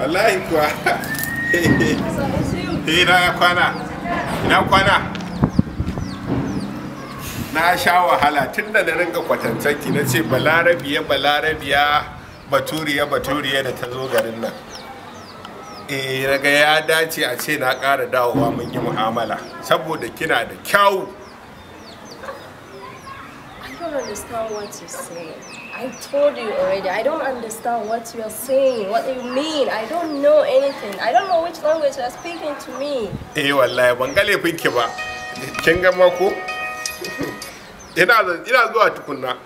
wallahi kuwa ina eh, ya kwana ina kwana na sha wahala tun da na ringa kwatantarki na ce balarabiya balarabiya baturiya baturiya da ta zo garin nan eh daga ya dace a ce na ƙara dawowa mun yi mu'amala saboda kina da kyau I don't understand what you're saying. I told you already, I don't understand what you're saying, what you mean. I don't know anything. I don't know which language you're speaking to me. Eh, wallahi, ban ga laifin ba. Kin ga mako? Ina ina zuwa tukunna.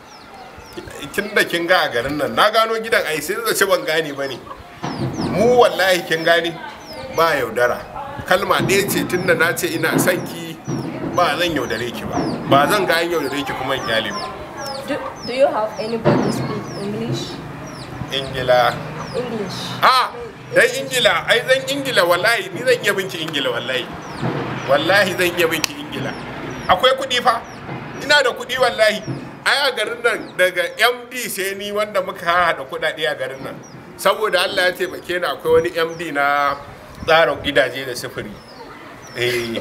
Kin da kin ga a garin nan, na gano gidan ai sai da ban gane bane. Mu wallahi kin gane ba yaudara. Kalma ɗaya ce tunda na ce ina son ba zan yaudare ki ba ba zan ga yaudare ki kuma in kyale ba do, you have anybody speak english ingila english ah dan ingila ai zan ingila wallahi ni zan iya binki ingila wallahi wallahi zan iya binki ingila akwai kuɗi fa ina da kuɗi wallahi ai a garin nan daga md sai ni wanda muka haɗa kuɗaɗe a garin nan saboda allah ya ce taimake na akwai wani md na tsarin gidaje da sufuri eh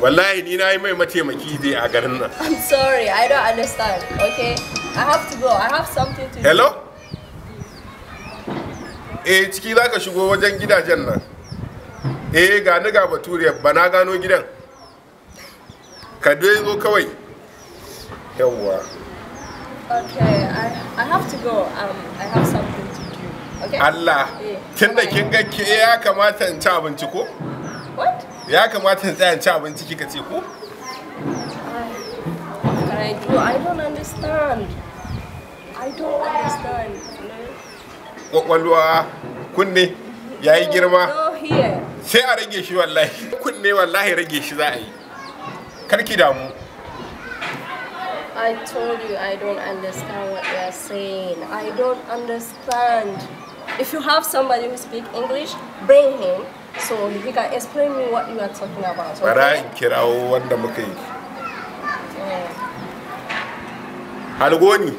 wallahi ni na yi mai mataimaki dai a garin nan i'm sorry i don't understand okay i have to go i have something to hello eh ciki za ka shigo wajen gidajen nan eh ga ni ga baturiya ba na gano gidan ka dai zo kawai yawwa okay I, i have to go um i have something to do okay Allah kin eh, da kin ga ke ya kamata in ci abinci ko what ya kamata in tsaya ci abinci kika ce ko I do. I don't understand. I don't understand. Kwakwalwa kunne ya yi girma. Sai a rage shi wallahi. Kunne wallahi rage shi za a yi. Karki damu. I told you I don't understand what they are saying. I don't understand. if you have somebody who speaks English, bring him so he can explain me what you are talking about. Okay? Bara in kirawo wanda muka yi. Algoni,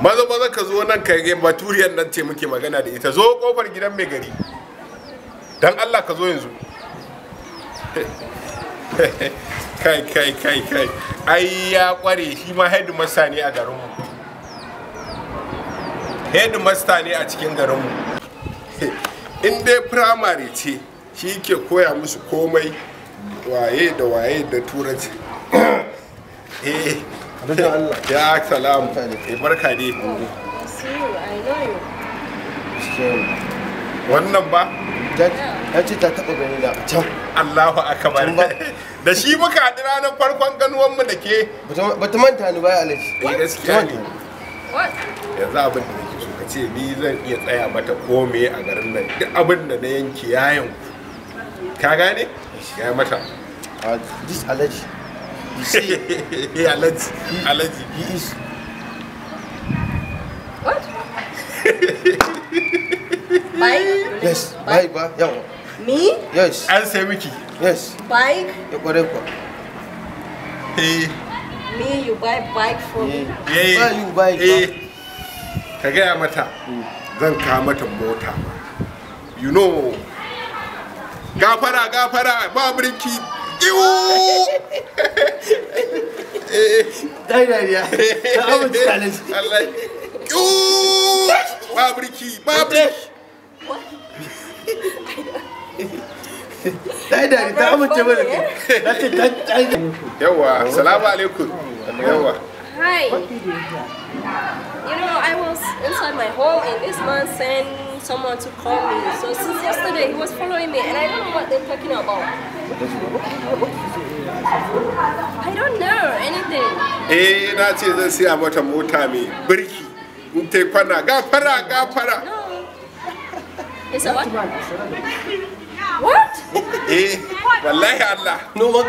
maza maza ka zo nan ka ga baturiyar nan ce muke magana da ita zo kofar gidan mai gari. Dan Allah ka zo yanzu. kai kai kai kai ai ya kware shi ma headmaster ne a garinmu. headmaster ne a cikin garinmu in dai primary ce shi ke koya musu komai waye da waye da turanci eh ya salamu ya eh, barka ne wannan ba ya ce ta taba gani da a can allahu akabar da shi muka haɗu ranar farkon ganuwanmu da ke ba ta manta ni ba ya alaji eh, gaskiya ne yanzu abin da ke ce ni zan iya tsaya mata kome a garin nan duk abin da na yanke yayan ka gane ya mata uh, this allergy you see allergy allergy he is what yes ba yawa me yes an sai miki yes bike ya kware eh. me you buy bike for me yeah, yeah. ka gaya mata zan kawo mata mota you know gafara gafara ba birki iwu dai challenge ba birki ba birki dai ta yawa salamu alaikum yawa Hi. What did you hear? You know, I was inside my home in this month and someone to call me. So since yesterday, he was following me and I don't know what they're talking about. I don't know anything. Eh, na ce zan siya mata mota mai birki. In ta kwana gafara gafara. No. It's a what? What? Eh, wallahi Allah. No, what